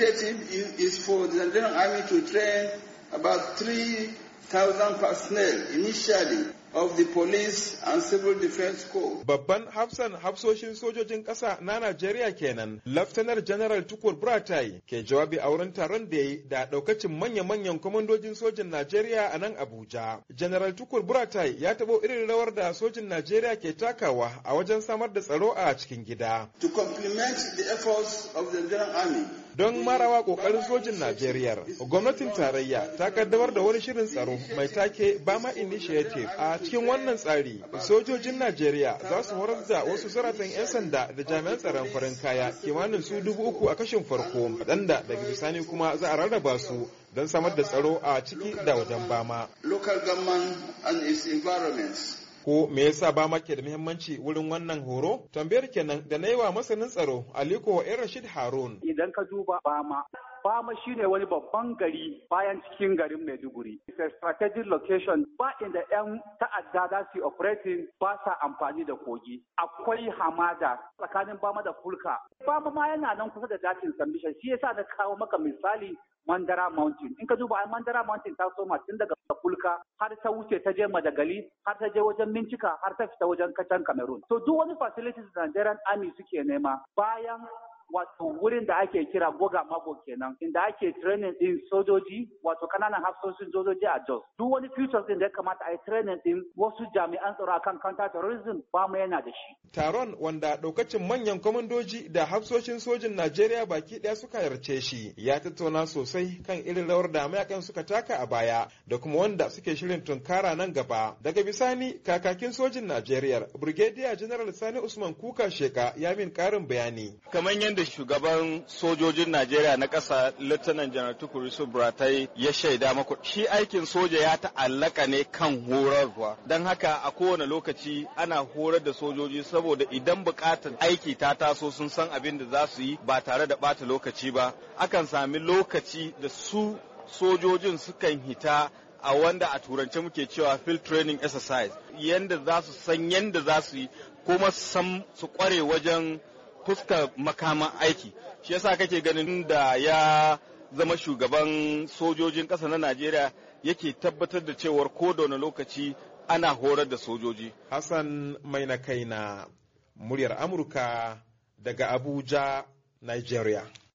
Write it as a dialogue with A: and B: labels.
A: initiative is for the Nigerian Army to train about 3,000 personnel initially of the police and civil defense corps.
B: Babban hafsan hafsoshin sojojin ƙasa na Najeriya kenan, Laftanar General Tukur Buratai ke jawabi a wurin taron da yi da ɗaukacin manya-manyan kwamandojin sojin Najeriya a nan Abuja. General Tukur Buratai ya taɓo irin rawar da sojin Najeriya ke takawa a wajen samar da tsaro a cikin gida. To complement the efforts of the Nigerian Army, don marawa kokarin sojin Najeriya. Gwamnatin tarayya ta kaddamar da wani shirin tsaro mai take Bama Initiative. A cikin wannan tsari, sojojin Najeriya za su horar da wasu saratan 'yan sanda da jami'an tsaron farin kaya kimanin su dubu uku a kashin farko, waɗanda daga bisani kuma za a rarraba su don samar da tsaro a ciki da wajen Bama.
A: Local government and its environments
B: Ko me yasa ba ma ke da muhimmanci wurin wannan horo? Tambayar kenan da na yi wa masanin tsaro Aliko wa Rashid Harun. Idan ka duba
C: ba ma Bama shine wani babban gari bayan cikin garin Maiduguri. It's a strategic location ba inda 'yan ta'adda za su operating ba sa amfani da kogi. Akwai hamada tsakanin Bama da Fulka. Bama ma yana nan kusa da dakin sambishan, shi yasa na kawo maka misali Mandara Mountain. In ka duba Mandara Mountain ta soma tun daga Fulka har ta wuce ta je Madagali har ta je wajen Mincika har ta fita wajen Kacan Cameroon. To duk wani facilities da Nigerian Army suke nema bayan wato wurin da ake kira goga mako kenan inda ake training din sojoji wato kananan hafsoshin sojoji a Jos duk wani futures din da ya kamata a yi training din wasu jami'an tsaro akan counter terrorism ba mu yana da shi
B: taron wanda daukacin manyan kwamandoji da hafsoshin sojin Najeriya baki daya suka yarce shi ya tattauna sosai kan irin rawar da mayakan suka taka a baya da kuma wanda suke shirin tunkara nan gaba daga bisani kakakin sojin Najeriya Brigadier General Sani Usman Kuka Sheka ya min karin bayani
A: kamar yadda da shugaban sojojin Najeriya na ƙasa Lieutenant General Yusuf Buratai ya shaida maku shi aikin soja ya ta'allaka ne kan horarwa don haka a kowane lokaci ana horar da sojoji saboda idan buƙatar aiki ta taso sun san abin da za su yi ba tare da bata lokaci ba akan sami lokaci da su sojojin sukan hita a wanda a turance muke cewa field training exercise yanda za su san yanda za su yi kuma san su kware wajen fuskar makaman aiki shi yasa kake ganin da ya zama shugaban sojojin ƙasa na najeriya yake tabbatar da cewar ko da wani lokaci ana horar da sojoji
B: hassan mai na kai na muryar amurka daga abuja nigeria